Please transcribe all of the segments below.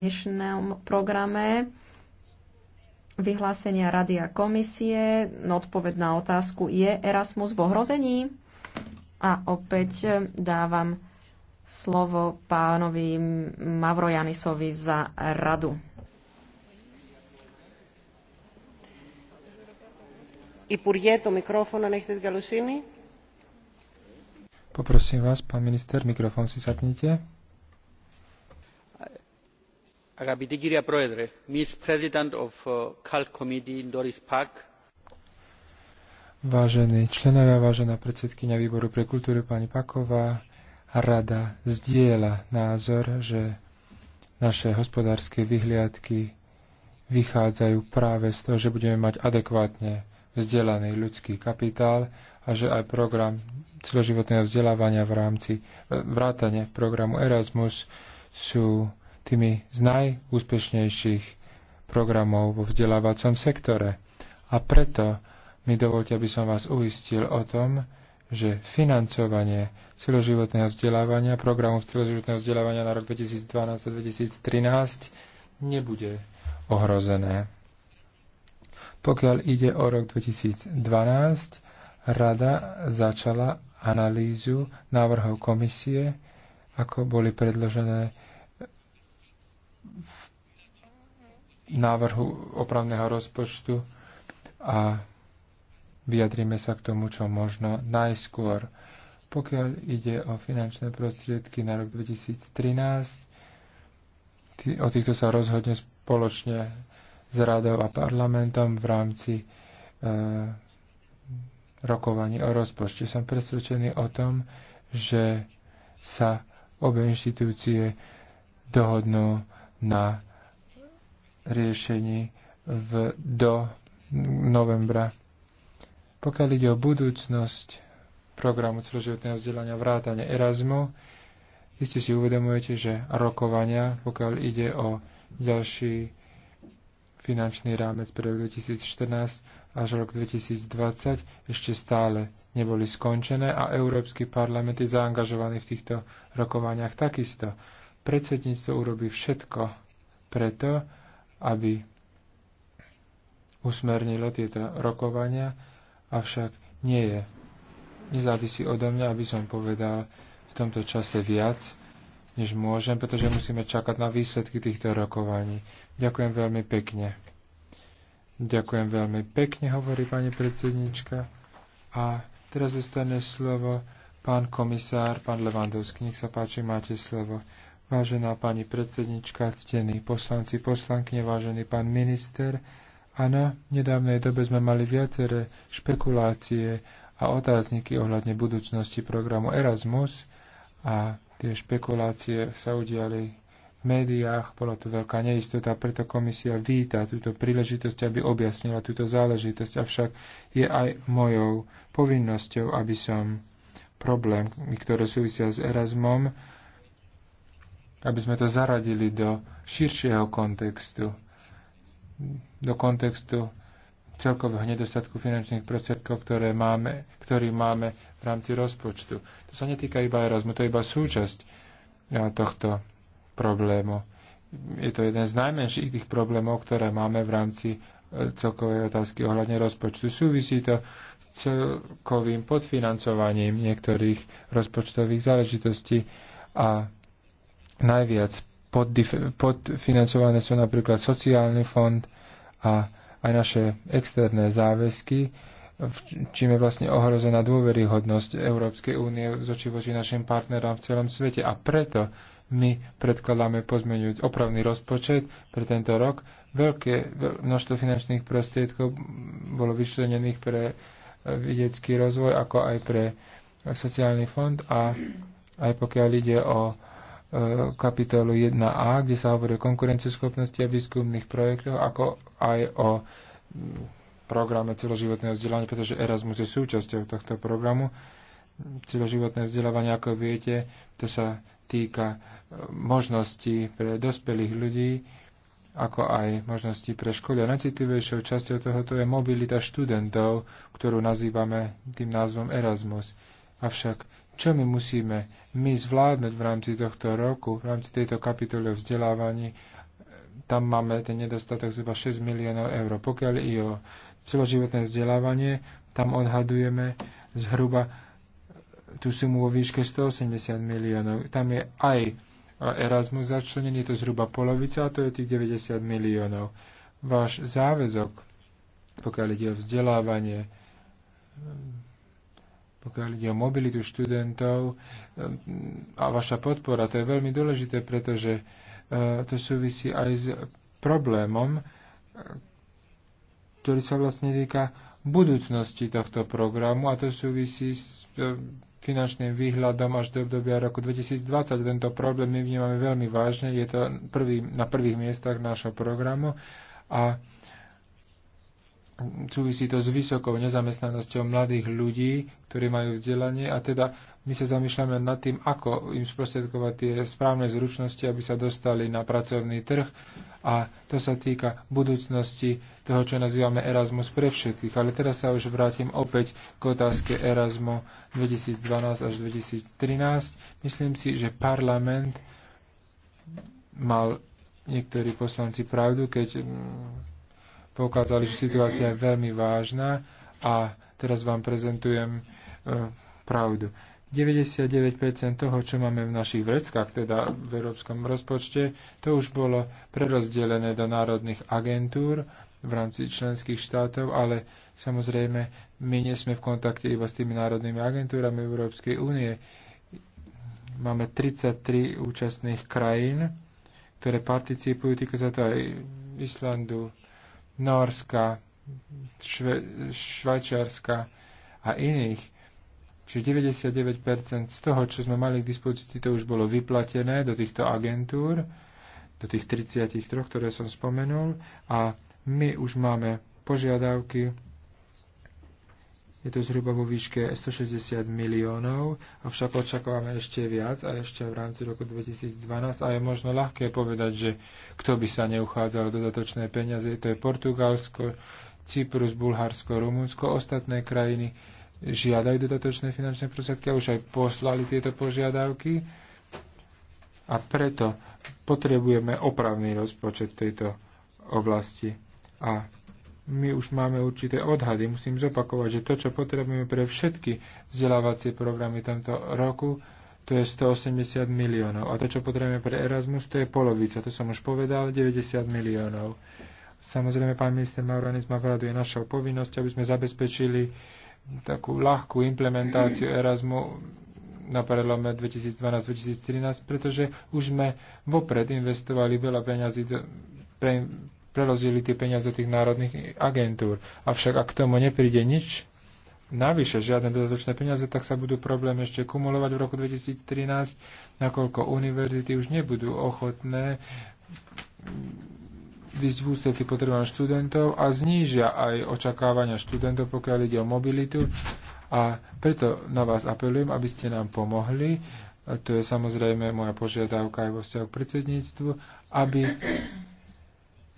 dnešnom programe vyhlásenia Rady a komisie. No, odpoveď na otázku je Erasmus v ohrození? A opäť e, dávam slovo pánovi Mavrojanisovi za radu. Υπουργέ, το μικρόφωνο αν έχετε την καλοσύνη. Poprosím vás, pán minister, mikrofón si zapnite. Uh, Vážení členovia, vážená predsedkynia výboru pre kultúru pani Paková, rada zdieľa názor, že naše hospodárske vyhliadky vychádzajú práve z toho, že budeme mať adekvátne vzdelaný ľudský kapitál a že aj program celoživotného vzdelávania v rámci e, vrátane programu Erasmus sú tými z najúspešnejších programov vo vzdelávacom sektore. A preto mi dovolte, aby som vás uistil o tom, že financovanie celoživotného vzdelávania, programu celoživotného vzdelávania na rok 2012 a 2013 nebude ohrozené. Pokiaľ ide o rok 2012, Rada začala analýzu návrhov komisie, ako boli predložené návrhu opravného rozpočtu a vyjadrime sa k tomu, čo možno najskôr. Pokiaľ ide o finančné prostriedky na rok 2013, o týchto sa rozhodne spoločne s radou a parlamentom v rámci e, rokovaní o rozpočte. Som presvedčený o tom, že sa obe inštitúcie dohodnú na riešení v, do novembra. Pokiaľ ide o budúcnosť programu celoživotného vzdelania vrátane Erasmu, iste si uvedomujete, že rokovania, pokiaľ ide o ďalší finančný rámec pre rok 2014 až rok 2020 ešte stále neboli skončené a Európsky parlament je zaangažovaný v týchto rokovaniach takisto. Predsedníctvo urobí všetko preto, aby usmernilo tieto rokovania, avšak nie je. Nezávisí odo mňa, aby som povedal v tomto čase viac, než môžem, pretože musíme čakať na výsledky týchto rokovaní. Ďakujem veľmi pekne. Ďakujem veľmi pekne, hovorí pani predsednička. A teraz dostane slovo pán komisár, pán Levandovský. Nech sa páči, máte slovo. Vážená pani predsednička, ctení poslanci, poslankyne, vážený pán minister, a na nedávnej dobe sme mali viaceré špekulácie a otázniky ohľadne budúcnosti programu Erasmus a tie špekulácie sa udiali v médiách, bola tu veľká neistota, preto komisia víta túto príležitosť, aby objasnila túto záležitosť, avšak je aj mojou povinnosťou, aby som problém, ktoré súvisia s Erasmom, aby sme to zaradili do širšieho kontextu, do kontextu celkového nedostatku finančných prostriedkov, ktoré máme, ktorý máme v rámci rozpočtu. To sa netýka iba Erasmu, to je iba súčasť tohto problému. Je to jeden z najmenších tých problémov, ktoré máme v rámci e, celkovej otázky ohľadne rozpočtu. Súvisí to s celkovým podfinancovaním niektorých rozpočtových záležitostí a Najviac podfinancované sú napríklad sociálny fond a aj naše externé záväzky, čím je vlastne ohrozená dôveryhodnosť Európskej únie zoči voči našim partnerom v celom svete. A preto my predkladáme pozmeniť opravný rozpočet pre tento rok. Veľké množstvo finančných prostriedkov bolo vyčlenených pre e, vedecký rozvoj, ako aj pre sociálny fond a aj pokiaľ ide o kapitolu 1a, kde sa hovorí o konkurencieschopnosti a výskumných projektoch, ako aj o programe celoživotného vzdelávania, pretože Erasmus je súčasťou tohto programu. Celoživotné vzdelávanie, ako viete, to sa týka e, možností pre dospelých ľudí, ako aj možností pre školy. A najcitlivejšou časťou tohoto je mobilita študentov, ktorú nazývame tým názvom Erasmus. Avšak čo my musíme my zvládnuť v rámci tohto roku, v rámci tejto kapitoly o vzdelávaní, tam máme ten nedostatok zhruba 6 miliónov eur. Pokiaľ i o celoživotné vzdelávanie, tam odhadujeme zhruba tú sumu vo výške 180 miliónov. Tam je aj Erasmus začlenený, je to zhruba polovica, a to je tých 90 miliónov. Váš záväzok, pokiaľ ide o vzdelávanie, pokiaľ ide o mobilitu študentov eh, a vaša podpora. To je veľmi dôležité, pretože eh, to súvisí aj s problémom, eh, ktorý sa vlastne týka budúcnosti tohto programu a to súvisí s finančným výhľadom až do obdobia roku 2020. Tento problém my vnímame veľmi vážne, je to prvý, na prvých miestach nášho programu a súvisí to s vysokou nezamestnanosťou mladých ľudí, ktorí majú vzdelanie a teda my sa zamýšľame nad tým, ako im sprostredkovať tie správne zručnosti, aby sa dostali na pracovný trh a to sa týka budúcnosti toho, čo nazývame Erasmus pre všetkých. Ale teraz sa už vrátim opäť k otázke Erasmu 2012 až 2013. Myslím si, že parlament mal niektorí poslanci pravdu, keď mm, poukázali, že situácia je veľmi vážna a teraz vám prezentujem e, pravdu. 99% toho, čo máme v našich vreckách, teda v európskom rozpočte, to už bolo prerozdelené do národných agentúr v rámci členských štátov, ale samozrejme my nie sme v kontakte iba s tými národnými agentúrami Európskej únie. Máme 33 účastných krajín, ktoré participujú, týka sa to aj Islandu, Norska, Šve, Švajčiarska a iných. Čiže 99% z toho, čo sme mali k dispozícii, to už bolo vyplatené do týchto agentúr, do tých 33, ktoré som spomenul. A my už máme požiadavky je to zhruba vo výške 160 miliónov, avšak očakávame ešte viac a ešte v rámci roku 2012. A je možno ľahké povedať, že kto by sa neuchádzal o dodatočné peniaze, to je Portugalsko, Cyprus, Bulharsko, Rumunsko, ostatné krajiny žiadajú dodatočné finančné prostriedky a už aj poslali tieto požiadavky. A preto potrebujeme opravný rozpočet tejto oblasti. A my už máme určité odhady. Musím zopakovať, že to, čo potrebujeme pre všetky vzdelávacie programy tento roku, to je 180 miliónov. A to, čo potrebujeme pre Erasmus, to je polovica. To som už povedal, 90 miliónov. Samozrejme, pán minister Mauranis má pravdu, je našou povinnosť, aby sme zabezpečili takú ľahkú implementáciu Erasmu na prelome 2012-2013, pretože už sme vopred investovali veľa peňazí do, pre, prerozdeli tie peniaze do tých národných agentúr. Avšak ak k tomu nepríde nič, navyše žiadne dodatočné peniaze, tak sa budú problémy ešte kumulovať v roku 2013, nakoľko univerzity už nebudú ochotné vysť v ústrety potrebám študentov a znížia aj očakávania študentov, pokiaľ ide o mobilitu. A preto na vás apelujem, aby ste nám pomohli, a to je samozrejme moja požiadavka aj vo vzťahu k predsedníctvu, aby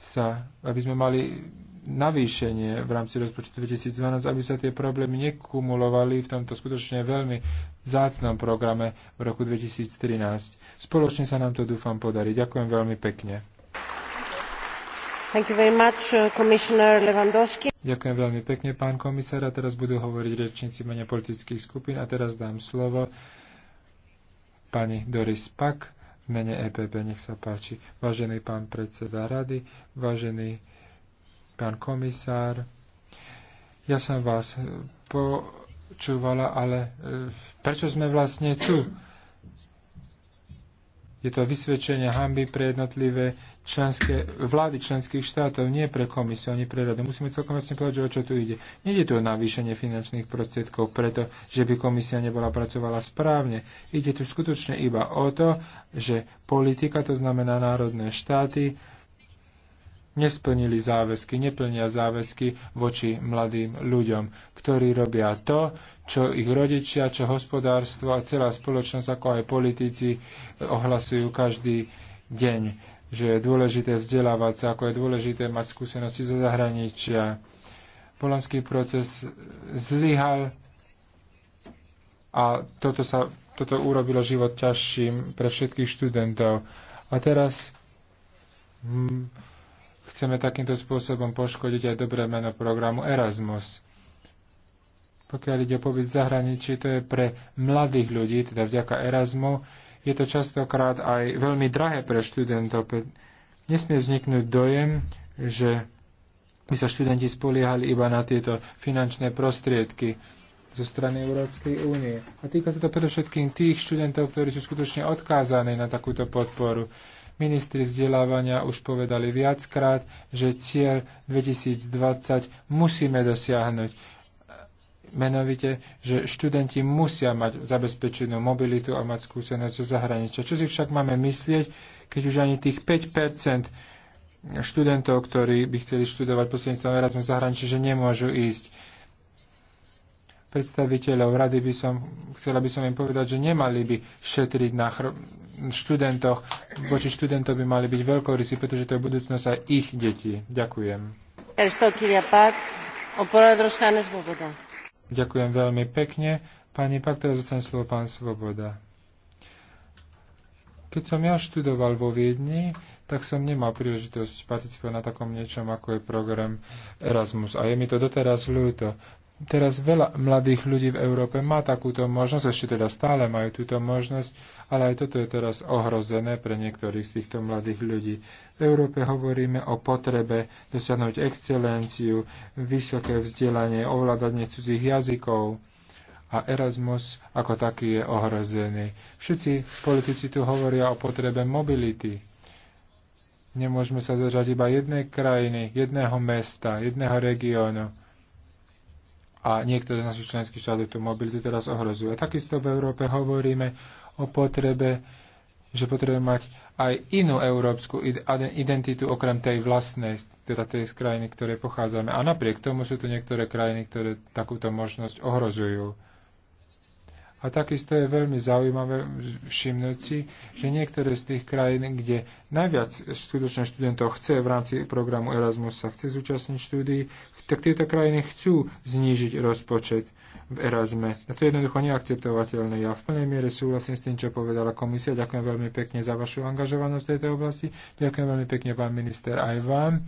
sa, aby sme mali navýšenie v rámci rozpočtu 2012, aby sa tie problémy nekumulovali v tomto skutočne veľmi zácnom programe v roku 2013. Spoločne sa nám to dúfam podarí. Ďakujem veľmi pekne. Much, uh, Ďakujem veľmi pekne, pán komisár. A teraz budú hovoriť rečníci mene politických skupín. A teraz dám slovo pani Doris Pak, v mene EPP, nech sa páči. Vážený pán predseda rady, vážený pán komisár, ja som vás počúvala, ale e, prečo sme vlastne tu? Je to vysvedčenie hamby pre jednotlivé členské, vlády členských štátov, nie pre komisiu, ani pre radu. Musíme celkom jasne povedať, že o čo tu ide. Nede tu o navýšenie finančných prostriedkov preto, že by komisia nebola pracovala správne. Ide tu skutočne iba o to, že politika, to znamená národné štáty, nesplnili záväzky, neplnia záväzky voči mladým ľuďom, ktorí robia to, čo ich rodičia, čo hospodárstvo a celá spoločnosť, ako aj politici eh, ohlasujú každý deň, že je dôležité vzdelávať sa, ako je dôležité mať skúsenosti zo zahraničia. Polanský proces eh, zlyhal a toto, sa, toto urobilo život ťažším pre všetkých študentov. A teraz hm, Chceme takýmto spôsobom poškodiť aj dobré meno programu Erasmus. Pokiaľ ide o pobyt v zahraničí, to je pre mladých ľudí, teda vďaka Erasmu, je to častokrát aj veľmi drahé pre študentov. Nesmie vzniknúť dojem, že by sa študenti spoliehali iba na tieto finančné prostriedky zo strany Európskej únie. A týka sa to predovšetkým tých študentov, ktorí sú skutočne odkázaní na takúto podporu. Ministri vzdelávania už povedali viackrát, že cieľ 2020 musíme dosiahnuť. Menovite, že študenti musia mať zabezpečenú mobilitu a mať skúsenosť zo zahraničia. Čo si však máme myslieť, keď už ani tých 5 študentov, ktorí by chceli študovať prostredníctvom Erasmus zahraničí, že nemôžu ísť predstaviteľov rady by som, chcela by som im povedať, že nemali by šetriť na chr- študentoch. Voči študentov by mali byť veľkorysí, pretože to je budúcnosť aj ich detí. Ďakujem. Ďakujem veľmi pekne. Pani Pak, teraz zostane slovo pán Svoboda. Keď som ja študoval vo Viedni, tak som nemal príležitosť participovať na takom niečom, ako je program Erasmus. A je mi to doteraz ľúto, Teraz veľa mladých ľudí v Európe má takúto možnosť, ešte teda stále majú túto možnosť, ale aj toto je teraz ohrozené pre niektorých z týchto mladých ľudí. V Európe hovoríme o potrebe dosiahnuť excelenciu, vysoké vzdelanie, ovládanie cudzích jazykov a Erasmus ako taký je ohrozený. Všetci politici tu hovoria o potrebe mobility. Nemôžeme sa držať iba jednej krajiny, jedného mesta, jedného regiónu a niektoré naše členské štáty tú mobilitu teraz ohrozujú. A takisto v Európe hovoríme o potrebe, že potrebujeme mať aj inú európsku identitu okrem tej vlastnej, teda tej z krajiny, ktoré pochádzame. A napriek tomu sú tu niektoré krajiny, ktoré takúto možnosť ohrozujú. A takisto je veľmi zaujímavé všimnúť si, že niektoré z tých krajín, kde najviac skutočne študentov chce v rámci programu Erasmus sa chce zúčastniť štúdií, tak tieto krajiny chcú znížiť rozpočet v Erasme. A to je jednoducho neakceptovateľné. Ja v plnej miere súhlasím s tým, čo povedala komisia. Ďakujem veľmi pekne za vašu angažovanosť v tejto oblasti. Ďakujem veľmi pekne, pán minister, aj vám.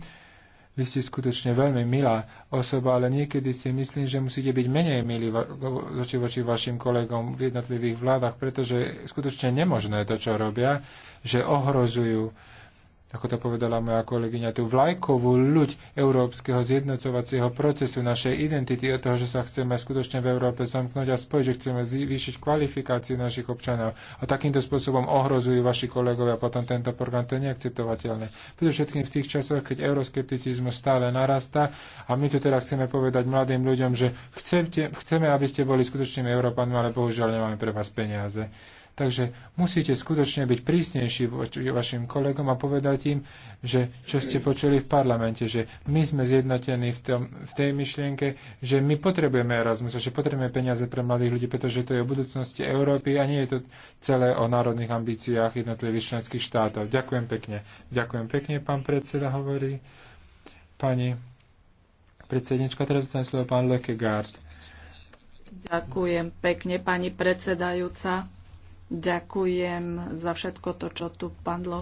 Vy ste skutočne veľmi milá osoba, ale niekedy si myslím, že musíte byť menej milí voči voči vašim kolegom v jednotlivých vládach, pretože je skutočne nemožné to, čo robia, že ohrozujú ako to povedala moja kolegyňa, tú vlajkovú ľuď európskeho zjednocovacieho procesu, našej identity, od toho, že sa chceme skutočne v Európe zamknúť a spojiť, že chceme zvýšiť kvalifikáciu našich občanov. A takýmto spôsobom ohrozujú vaši kolegovia potom tento program. To je neakceptovateľné. Preto všetkým v tých časoch, keď euroskepticizmus stále narastá a my tu teraz chceme povedať mladým ľuďom, že chcete, chceme, aby ste boli skutočnými Európanmi, ale bohužiaľ nemáme pre vás peniaze. Takže musíte skutočne byť prísnejší voči vašim kolegom a povedať im, že čo ste počuli v parlamente, že my sme zjednotení v, tom, v tej myšlienke, že my potrebujeme Erasmus, že potrebujeme peniaze pre mladých ľudí, pretože to je o budúcnosti Európy a nie je to celé o národných ambíciách jednotlivých členských štátov. Ďakujem pekne. Ďakujem pekne, pán predseda hovorí. Pani predsednička, teraz ten slovo pán Lekegaard. Ďakujem pekne, pani predsedajúca. Ďakujem za všetko to, čo tu padlo.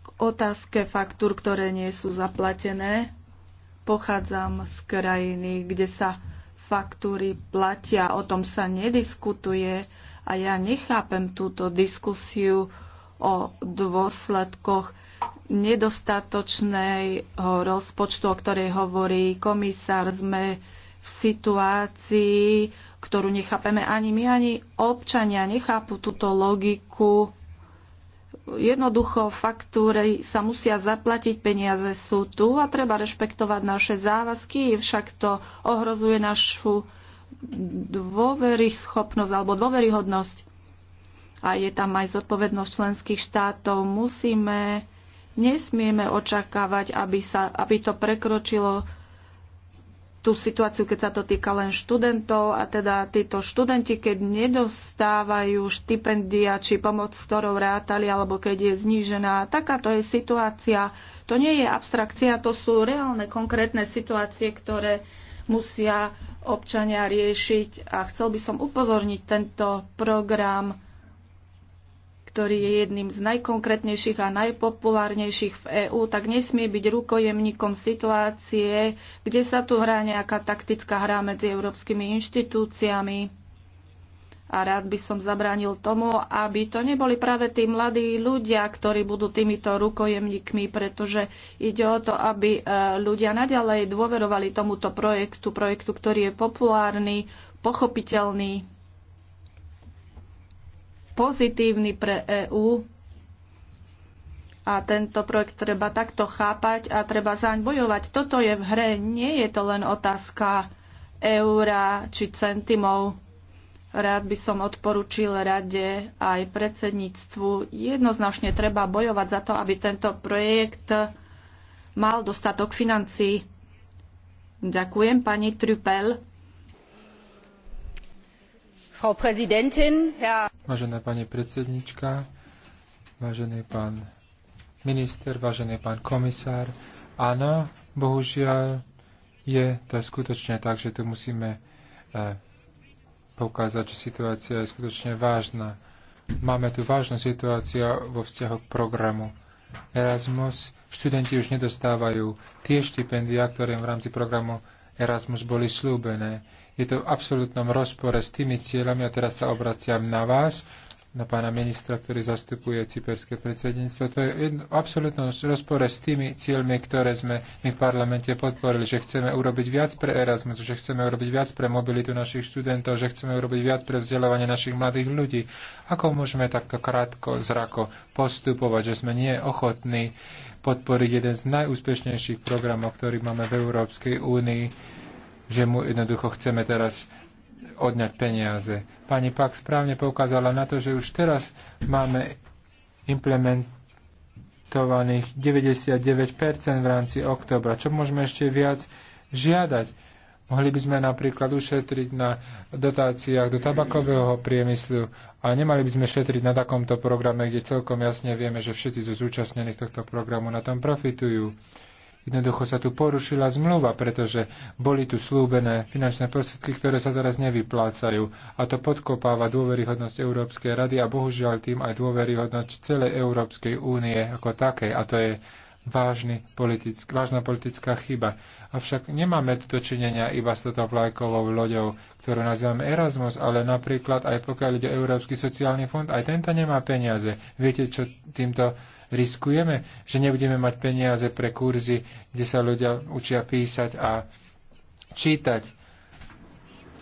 K otázke faktúr, ktoré nie sú zaplatené. Pochádzam z krajiny, kde sa faktúry platia, o tom sa nediskutuje a ja nechápem túto diskusiu o dôsledkoch nedostatočného rozpočtu, o ktorej hovorí komisár. Sme v situácii, ktorú nechápeme ani my, ani občania nechápu túto logiku. Jednoducho faktúry sa musia zaplatiť, peniaze sú tu a treba rešpektovať naše záväzky, však to ohrozuje našu dôveryschopnosť alebo dôveryhodnosť. A je tam aj zodpovednosť členských štátov. Musíme, nesmieme očakávať, aby, sa, aby to prekročilo tú situáciu, keď sa to týka len študentov a teda títo študenti, keď nedostávajú štipendia či pomoc, s ktorou rátali, alebo keď je znížená. Takáto je situácia. To nie je abstrakcia, to sú reálne konkrétne situácie, ktoré musia občania riešiť. A chcel by som upozorniť tento program ktorý je jedným z najkonkrétnejších a najpopulárnejších v EÚ, tak nesmie byť rukojemníkom situácie, kde sa tu hrá nejaká taktická hra medzi európskymi inštitúciami. A rád by som zabránil tomu, aby to neboli práve tí mladí ľudia, ktorí budú týmito rukojemníkmi, pretože ide o to, aby e, ľudia naďalej dôverovali tomuto projektu, projektu, ktorý je populárny, pochopiteľný pozitívny pre EÚ a tento projekt treba takto chápať a treba zaň bojovať. Toto je v hre, nie je to len otázka eura či centimov. Rád by som odporučil rade aj predsedníctvu. Jednoznačne treba bojovať za to, aby tento projekt mal dostatok financií. Ďakujem pani Trupel. Vážená pani predsednička, vážený pán minister, vážený pán komisár, áno, bohužiaľ je to skutočne tak, že tu musíme e, poukázať, že situácia je skutočne vážna. Máme tu vážnu situáciu vo vzťahu k programu Erasmus. Študenti už nedostávajú tie štipendia, ktoré im v rámci programu Erasmus boli slúbené. Je to v absolútnom rozpore s tými cieľami a teraz sa obraciam na vás, na pána ministra, ktorý zastupuje cyperské predsedníctvo. To je v absolútnom rozpore s tými cieľmi, ktoré sme my v parlamente podporili, že chceme urobiť viac pre Erasmus, že chceme urobiť viac pre mobilitu našich študentov, že chceme urobiť viac pre vzdelávanie našich mladých ľudí. Ako môžeme takto krátko zrako postupovať, že sme nie ochotní podporiť jeden z najúspešnejších programov, ktorý máme v Európskej únii, že mu jednoducho chceme teraz odňať peniaze. Pani Pak správne poukázala na to, že už teraz máme implementovaných 99% v rámci oktobra. Čo môžeme ešte viac žiadať? Mohli by sme napríklad ušetriť na dotáciách do tabakového priemyslu a nemali by sme šetriť na takomto programe, kde celkom jasne vieme, že všetci zo zúčastnených tohto programu na tom profitujú. Jednoducho sa tu porušila zmluva, pretože boli tu slúbené finančné prostriedky, ktoré sa teraz nevyplácajú. A to podkopáva dôveryhodnosť Európskej rady a bohužiaľ tým aj dôveryhodnosť celej Európskej únie ako takej. A to je vážny politick, vážna politická chyba. Avšak nemáme tu dočinenia iba s touto vlajkovou loďou, ktorú nazývame Erasmus, ale napríklad aj pokiaľ ide Európsky sociálny fond, aj tento nemá peniaze. Viete, čo týmto riskujeme, že nebudeme mať peniaze pre kurzy, kde sa ľudia učia písať a čítať.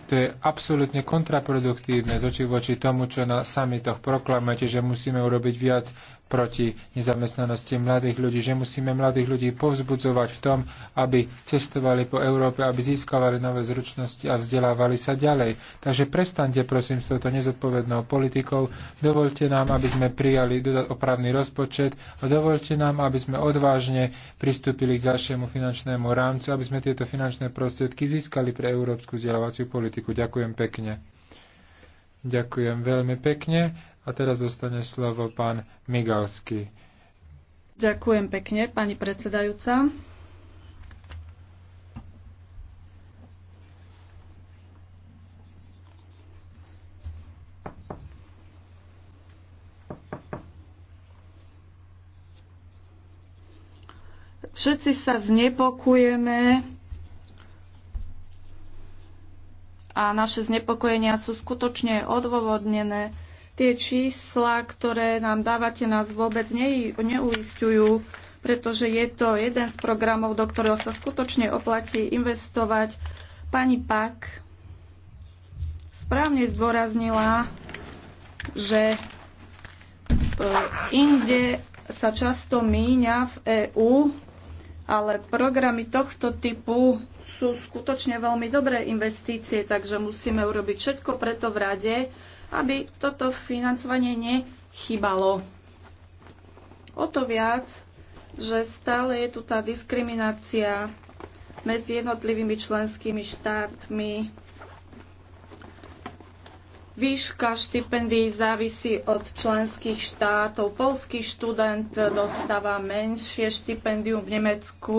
To je absolútne kontraproduktívne z oči voči tomu, čo na samitoch proklamujete, že musíme urobiť viac proti nezamestnanosti mladých ľudí, že musíme mladých ľudí povzbudzovať v tom, aby cestovali po Európe, aby získavali nové zručnosti a vzdelávali sa ďalej. Takže prestante prosím s touto nezodpovednou politikou, dovolte nám, aby sme prijali opravný rozpočet a dovolte nám, aby sme odvážne pristúpili k ďalšiemu finančnému rámcu, aby sme tieto finančné prostriedky získali pre európsku vzdelávaciu politiku. Ďakujem pekne. Ďakujem veľmi pekne. A teraz dostane slovo pán Migalsky. Ďakujem pekne, pani predsedajúca. Všetci sa znepokujeme a naše znepokojenia sú skutočne odôvodnené. Tie čísla, ktoré nám dávate, nás vôbec ne, neuistujú, pretože je to jeden z programov, do ktorého sa skutočne oplatí investovať. Pani Pak správne zdôraznila, že e, inde sa často míňa v EÚ, ale programy tohto typu sú skutočne veľmi dobré investície, takže musíme urobiť všetko preto v rade, aby toto financovanie nechybalo. O to viac, že stále je tu tá diskriminácia medzi jednotlivými členskými štátmi. Výška štipendií závisí od členských štátov. Polský študent dostáva menšie štipendium v Nemecku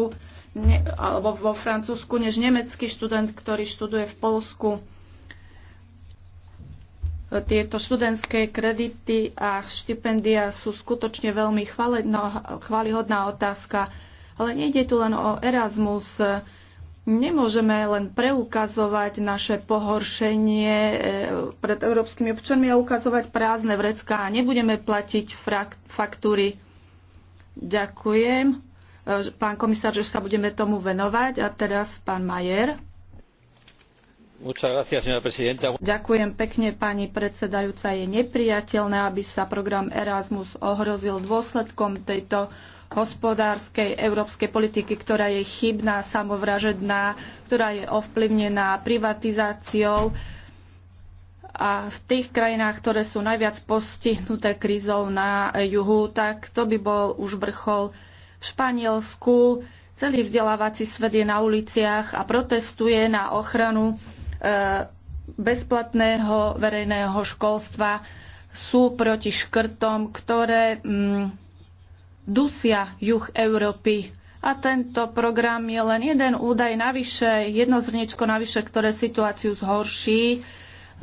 ne, alebo vo Francúzsku než nemecký študent, ktorý študuje v Polsku. Tieto študentské kredity a štipendia sú skutočne veľmi no, chválihodná otázka, ale nejde tu len o Erasmus. Nemôžeme len preukazovať naše pohoršenie e, pred európskymi občanmi a ukazovať prázdne vrecká a nebudeme platiť faktúry. Ďakujem, e, pán komisár, že sa budeme tomu venovať. A teraz pán Majer. Ďakujem pekne, pani predsedajúca. Je nepriateľné, aby sa program Erasmus ohrozil dôsledkom tejto hospodárskej európskej politiky, ktorá je chybná, samovražedná, ktorá je ovplyvnená privatizáciou a v tých krajinách, ktoré sú najviac postihnuté krízou na juhu, tak to by bol už vrchol v Španielsku. Celý vzdelávací svet je na uliciach a protestuje na ochranu Eh, bezplatného verejného školstva sú proti škrtom, ktoré mm, dusia juh Európy. A tento program je len jeden údaj navyše, jedno zrniečko navyše, ktoré situáciu zhorší.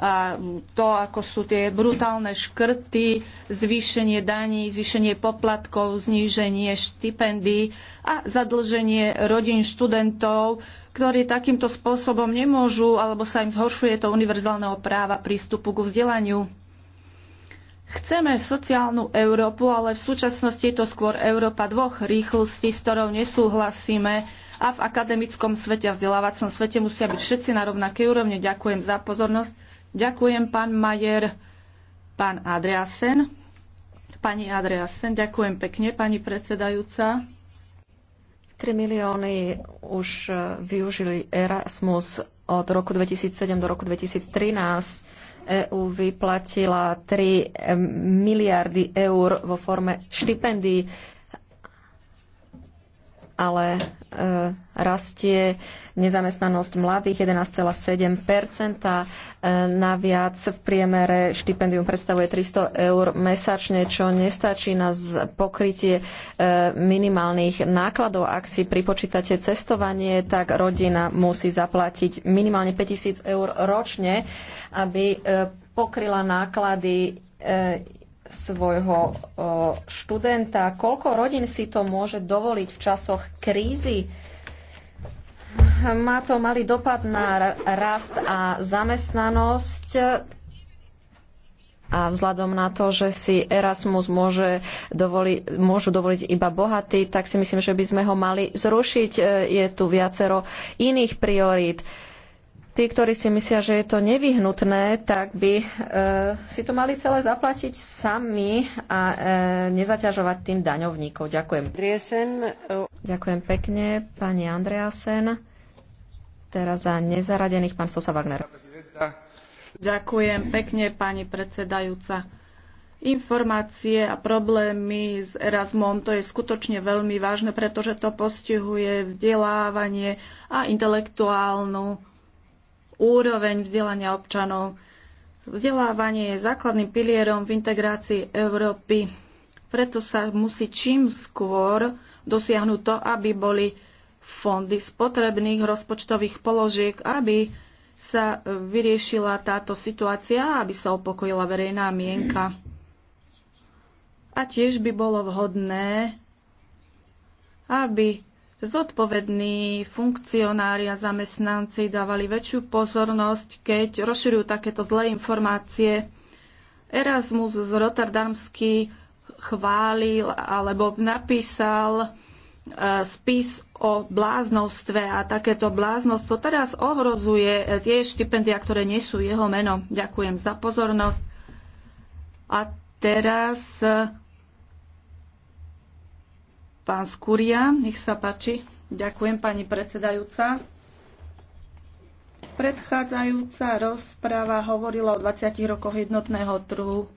A to, ako sú tie brutálne škrty, zvýšenie daní, zvýšenie poplatkov, zníženie štipendí a zadlženie rodín študentov, ktorí takýmto spôsobom nemôžu alebo sa im zhoršuje to univerzálneho práva prístupu ku vzdelaniu. Chceme sociálnu Európu, ale v súčasnosti je to skôr Európa dvoch rýchlostí, s ktorou nesúhlasíme a v akademickom svete a vzdelávacom svete musia byť všetci na rovnakej úrovni. Ďakujem za pozornosť. Ďakujem pán Majer, pán Adriasen. Pani Adriasen, ďakujem pekne, pani predsedajúca. 3 milióny už e, využili Erasmus od roku 2007 do roku 2013. EU vyplatila 3 e, miliardy eur vo forme štipendií, ale Eh, rastie nezamestnanosť mladých 11,7 eh, Naviac v priemere štipendium predstavuje 300 eur mesačne, čo nestačí na pokrytie eh, minimálnych nákladov. Ak si pripočítate cestovanie, tak rodina musí zaplatiť minimálne 5000 eur ročne, aby pokryla náklady svojho študenta. Koľko rodín si to môže dovoliť v časoch krízy? Má to malý dopad na rast a zamestnanosť. A vzhľadom na to, že si Erasmus môže dovoli, môžu dovoliť iba bohatí, tak si myslím, že by sme ho mali zrušiť. E, je tu viacero iných priorít Tí, ktorí si myslia, že je to nevyhnutné, tak by e, si to mali celé zaplatiť sami a e, nezaťažovať tým daňovníkov. Ďakujem. E, Ďakujem pekne, pani Andreasen. Teraz za nezaradených pán Sosa Wagner. Ďakujem pekne, pani predsedajúca. Informácie a problémy s Erasmom, to je skutočne veľmi vážne, pretože to postihuje vzdelávanie a intelektuálnu úroveň vzdelania občanov. Vzdelávanie je základným pilierom v integrácii Európy. Preto sa musí čím skôr dosiahnuť to, aby boli fondy z potrebných rozpočtových položiek, aby sa vyriešila táto situácia, aby sa opokojila verejná mienka. A tiež by bolo vhodné, aby zodpovední funkcionári a zamestnanci dávali väčšiu pozornosť, keď rozširujú takéto zlé informácie. Erasmus z Rotterdamsky chválil alebo napísal e, spis o bláznovstve a takéto bláznostvo teraz ohrozuje e, tie štipendia, ktoré nie sú jeho meno. Ďakujem za pozornosť. A teraz e, Pán Skúria, nech sa páči. Ďakujem, pani predsedajúca. Predchádzajúca rozpráva hovorila o 20 rokoch jednotného trhu.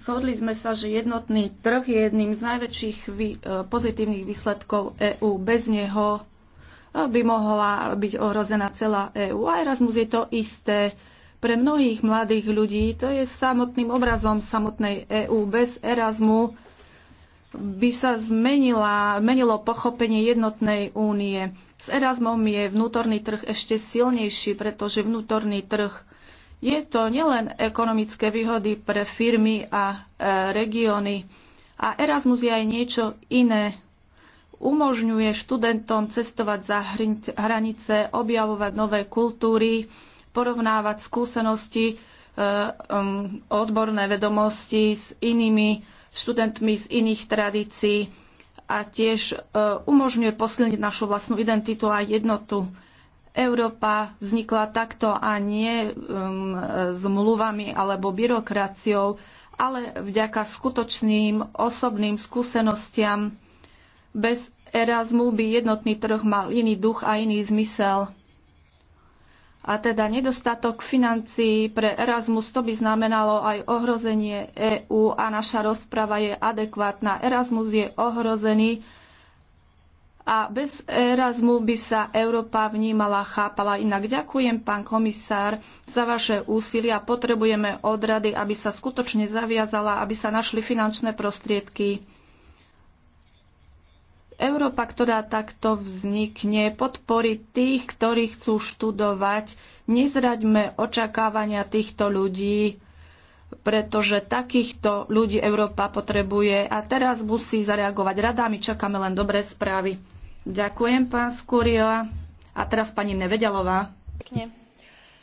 Zhodli sme sa, že jednotný trh je jedným z najväčších e, pozitívnych výsledkov EÚ. Bez neho e, by mohla byť ohrozená celá EÚ. A Erasmus je to isté. Pre mnohých mladých ľudí to je samotným obrazom samotnej EÚ. Bez Erasmu by sa zmenila, menilo pochopenie jednotnej únie. S Erasmom je vnútorný trh ešte silnejší, pretože vnútorný trh je to nielen ekonomické výhody pre firmy a e, regióny. A Erasmus je aj niečo iné. Umožňuje študentom cestovať za hranice, objavovať nové kultúry, porovnávať skúsenosti, e, um, odborné vedomosti s inými študentmi z iných tradícií a tiež e, umožňuje posilniť našu vlastnú identitu a jednotu. Európa vznikla takto a nie um, mluvami alebo byrokraciou, ale vďaka skutočným osobným skúsenostiam. Bez Erasmu by jednotný trh mal iný duch a iný zmysel. A teda nedostatok financií pre Erasmus to by znamenalo aj ohrozenie EÚ a naša rozprava je adekvátna. Erasmus je ohrozený a bez Erasmu by sa Európa vnímala, chápala inak. Ďakujem, pán komisár, za vaše úsilia. Potrebujeme odrady, aby sa skutočne zaviazala, aby sa našli finančné prostriedky Európa, ktorá takto vznikne, podporí tých, ktorí chcú študovať. Nezraďme očakávania týchto ľudí, pretože takýchto ľudí Európa potrebuje a teraz musí zareagovať. Rada, my čakáme len dobré správy. Ďakujem, pán Skúria. A teraz pani Nevedelová. Pekne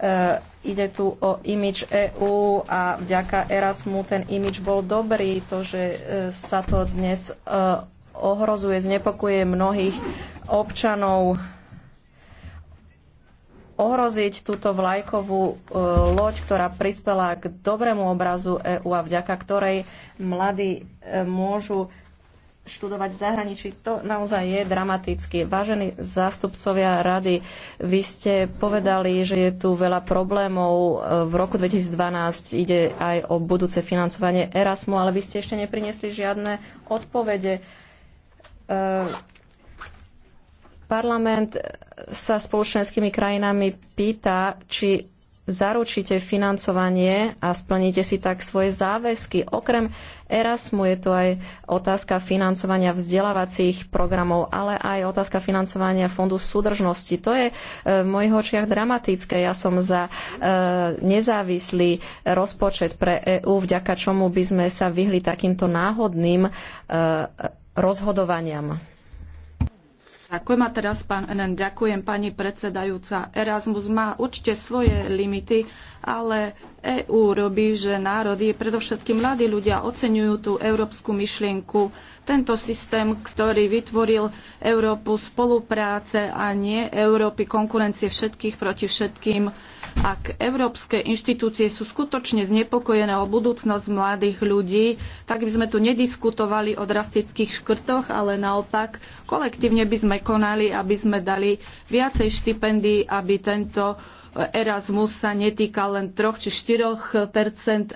E, ide tu o imič EÚ a vďaka Erasmu ten imič bol dobrý. To, že e, sa to dnes e, ohrozuje, znepokuje mnohých občanov. Ohroziť túto vlajkovú loď, ktorá prispela k dobrému obrazu EÚ a vďaka ktorej mladí môžu študovať v zahraničí, to naozaj je dramaticky. Vážení zástupcovia rady, vy ste povedali, že je tu veľa problémov. V roku 2012 ide aj o budúce financovanie Erasmu, ale vy ste ešte neprinesli žiadne odpovede. E, parlament sa spoločenskými krajinami pýta, či zaručíte financovanie a splníte si tak svoje záväzky. Okrem Erasmu je tu aj otázka financovania vzdelávacích programov, ale aj otázka financovania Fondu súdržnosti. To je e, v mojich očiach dramatické. Ja som za e, nezávislý rozpočet pre EÚ, vďaka čomu by sme sa vyhli takýmto náhodným e, rozhodovaniam. Ďakujem a teraz pán Nen, ďakujem pani predsedajúca. Erasmus má určite svoje limity, ale EÚ robí, že národy, predovšetkým mladí ľudia, oceňujú tú európsku myšlienku. Tento systém, ktorý vytvoril Európu spolupráce a nie Európy konkurencie všetkých proti všetkým, ak európske inštitúcie sú skutočne znepokojené o budúcnosť mladých ľudí, tak by sme tu nediskutovali o drastických škrtoch, ale naopak kolektívne by sme konali, aby sme dali viacej štipendií, aby tento Erasmus sa netýka len 3 či 4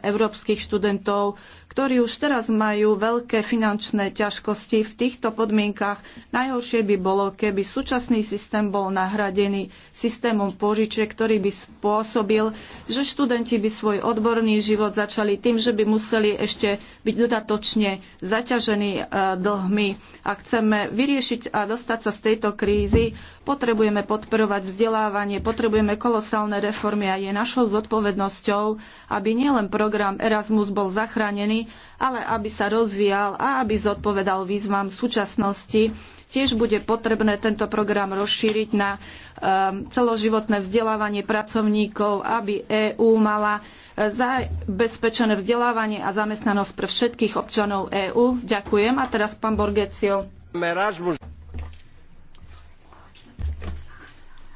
európskych študentov, ktorí už teraz majú veľké finančné ťažkosti. V týchto podmienkach najhoršie by bolo, keby súčasný systém bol nahradený systémom požičiek, ktorý by spôsobil, že študenti by svoj odborný život začali tým, že by museli ešte byť dodatočne zaťažení e, dlhmi. Ak chceme vyriešiť a dostať sa z tejto krízy, potrebujeme podporovať vzdelávanie, potrebujeme kolos kolosálne reformy a je našou zodpovednosťou, aby nielen program Erasmus bol zachránený, ale aby sa rozvíjal a aby zodpovedal výzvam súčasnosti. Tiež bude potrebné tento program rozšíriť na um, celoživotné vzdelávanie pracovníkov, aby EÚ mala e, zabezpečené vzdelávanie a zamestnanosť pre všetkých občanov EÚ. Ďakujem. A teraz pán Borgecio.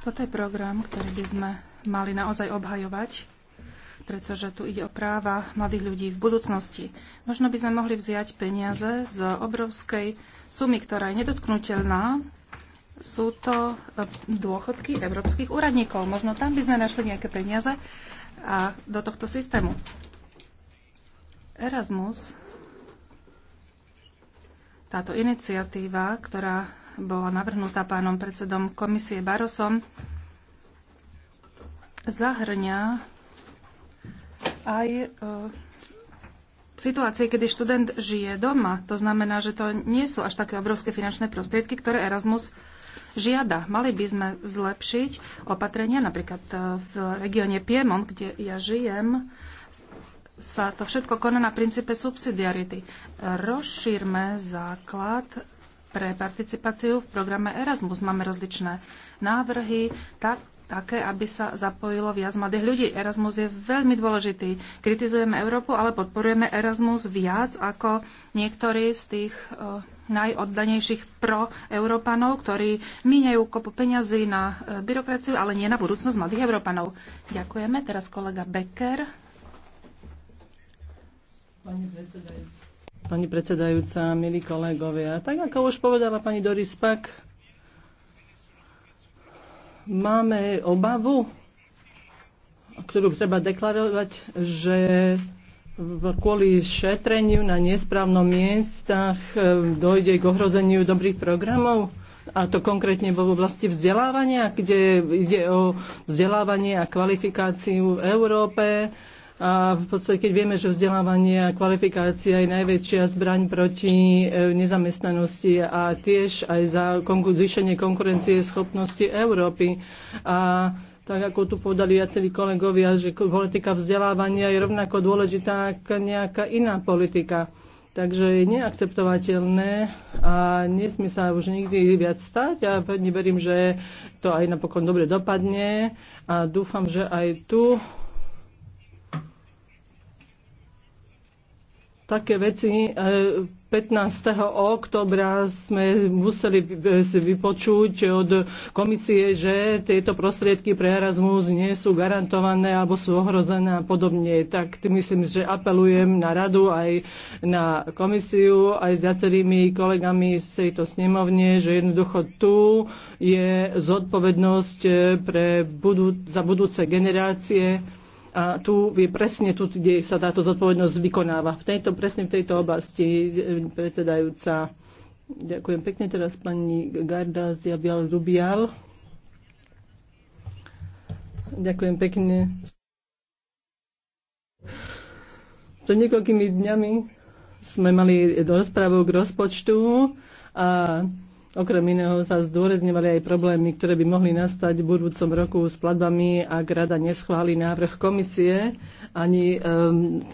Toto je program, ktorý by sme mali naozaj obhajovať, pretože tu ide o práva mladých ľudí v budúcnosti. Možno by sme mohli vziať peniaze z obrovskej sumy, ktorá je nedotknutelná. Sú to e, dôchodky európskych úradníkov. Možno tam by sme našli nejaké peniaze a do tohto systému. Erasmus, táto iniciatíva, ktorá bola navrhnutá pánom predsedom komisie Barosom, zahrňa aj e, situácie, kedy študent žije doma. To znamená, že to nie sú až také obrovské finančné prostriedky, ktoré Erasmus žiada. Mali by sme zlepšiť opatrenia, napríklad e, v regióne Piemont, kde ja žijem, sa to všetko koná na princípe subsidiarity. Rozšírme základ pre participáciu v programe Erasmus. Máme rozličné návrhy, tak, také, aby sa zapojilo viac mladých ľudí. Erasmus je veľmi dôležitý. Kritizujeme Európu, ale podporujeme Erasmus viac ako niektorí z tých uh, najoddanejších pro-európanov, ktorí míňajú kopu peňazí na eh, byrokraciu, ale nie na budúcnosť mladých európanov. Ďakujeme. Teraz kolega Becker. Pani predsedajúca pani predsedajúca, milí kolegovia. Tak ako už povedala pani Doris Pak, máme obavu, ktorú treba deklarovať, že kvôli šetreniu na nesprávnom miestach e, dojde k ohrozeniu dobrých programov? A to konkrétne vo oblasti vzdelávania, kde ide o vzdelávanie a kvalifikáciu v Európe a v podstate, keď vieme, že vzdelávanie a kvalifikácia je najväčšia zbraň proti e, nezamestnanosti a tiež aj za zvýšenie konkurencie schopnosti Európy. A tak ako tu povedali viacerí kolegovia, že politika vzdelávania je rovnako dôležitá ako nejaká iná politika. Takže je neakceptovateľné a nesmie sa už nikdy viac stať a pevne verím, že to aj napokon dobre dopadne a dúfam, že aj tu také veci. 15. E, oktobra sme museli e, vypočuť od komisie, že tieto prostriedky pre Erasmus nie sú garantované alebo sú ohrozené a podobne. Tak myslím, že apelujem na radu aj na komisiu, aj s viacerými kolegami z tejto snemovne, že jednoducho tu je zodpovednosť e, pre budú, za budúce generácie a tu je presne tu, kde sa táto zodpovednosť vykonáva. V tejto, presne v tejto oblasti eh, predsedajúca. Ďakujem pekne teraz pani Garda Zjabial Rubial. Ďakujem pekne. Pred niekoľkými dňami sme mali rozpravu k rozpočtu a Okrem iného sa zdôrazňovali aj problémy, ktoré by mohli nastať v budúcom roku s platbami, ak rada neschváli návrh komisie ani um,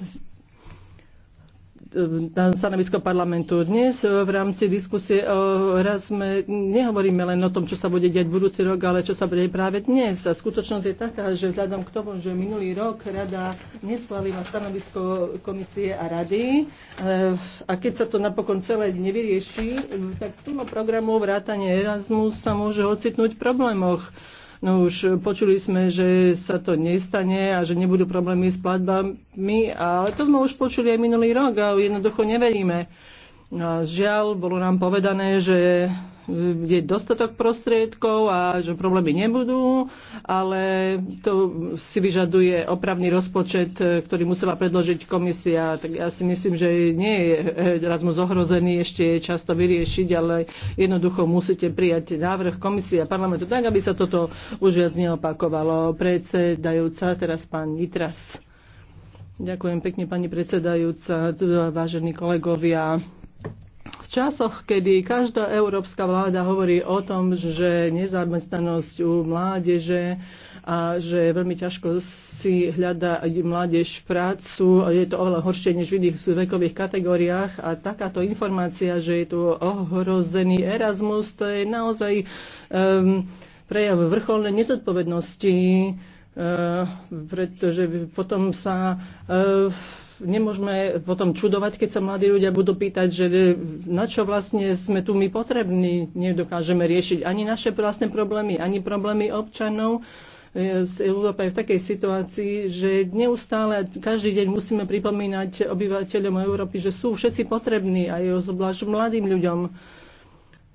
na stanovisko parlamentu. Dnes eh, v rámci diskusie o eh, Erasme nehovoríme len o tom, čo sa bude diať budúci rok, ale čo sa bude práve dnes. A skutočnosť je taká, že vzhľadom k tomu, že minulý rok rada neschválila stanovisko komisie a rady eh, a keď sa to napokon celé nevyrieši, tak tomu programu vrátanie Erasmus sa môže ocitnúť v problémoch. No už eh, počuli sme, že sa to nestane a že nebudú problémy s platbami, ale to sme už počuli aj minulý rok a jednoducho neveríme. A žiaľ, bolo nám povedané, že je dostatok prostriedkov a že problémy nebudú, ale to si vyžaduje opravný rozpočet, ktorý musela predložiť komisia. Tak ja si myslím, že nie je Erasmus ohrozený, ešte je vyriešiť, ale jednoducho musíte prijať návrh komisie a parlamentu tak, aby sa toto už viac neopakovalo. Predsedajúca, teraz pán Nitras. Ďakujem pekne, pani predsedajúca, vážení kolegovia v časoch, kedy každá európska vláda hovorí o tom, že nezamestnanosť u mládeže a že veľmi ťažko si hľada mládež prácu, je to oveľa horšie než v iných vekových kategóriách a takáto informácia, že je tu ohrozený Erasmus, to je naozaj um, prejav vrcholnej nezodpovednosti, uh, pretože potom sa uh, nemôžeme potom čudovať, keď sa mladí ľudia budú pýtať, že e, na čo vlastne sme tu my potrební, nedokážeme riešiť ani naše vlastné problémy, ani problémy občanov. E, Európa je v takej situácii, že neustále každý deň musíme pripomínať obyvateľom Európy, že sú všetci potrební, aj zvlášť mladým ľuďom.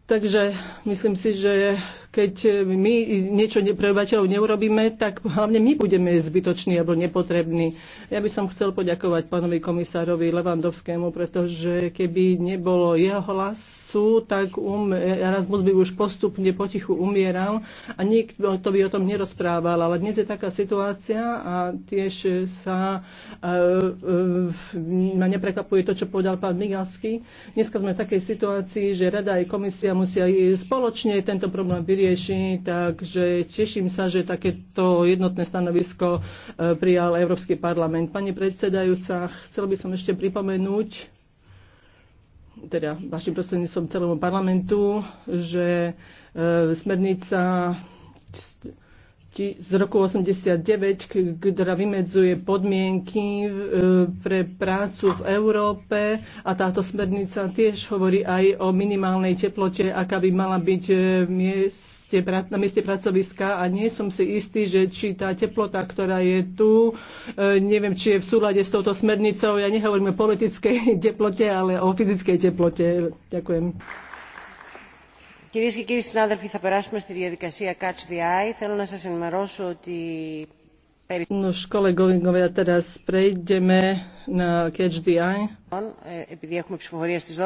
Takže myslím si, že keď e, my niečo pre obyvateľov neurobíme, tak hlavne my budeme zbytoční alebo nepotrební. Ja by som chcel poďakovať pánovi komisárovi Levandovskému, pretože keby nebolo jeho hlasu, tak um, Erasmus by už postupne potichu umieral a nikto to by o tom nerozprával. Ale dnes je taká situácia a tiež sa uh, uh, ma neprekvapuje to, čo povedal pán Migalský. Dneska sme v takej situácii, že rada aj komisia musia spoločne tento problém vyriešiť vyrieši, takže teším sa, že takéto jednotné stanovisko e, prijal Európsky parlament. Pani predsedajúca, chcel by som ešte pripomenúť, teda vašim prostredníctvom celému parlamentu, že e, smernica z roku 89, ktorá vymedzuje podmienky e, pre prácu v Európe a táto smernica tiež hovorí aj o minimálnej teplote, aká by mala byť miest mieste, na mieste pracoviska a nie som si istý, že či tá teplota, ktorá je tu, e, neviem, či je v súlade s touto smernicou. Ja nehovorím o politickej teplote, ale o fyzickej teplote. Ďakujem. Κυρίες και κύριοι συνάδελφοι, θα περάσουμε στη διαδικασία Catch the Eye. Θέλω να σας ενημερώσω ότι... Nož, kolegovia, teraz prejdeme na Catch the Eye. Επειδή έχουμε ψηφοφορία στις 12,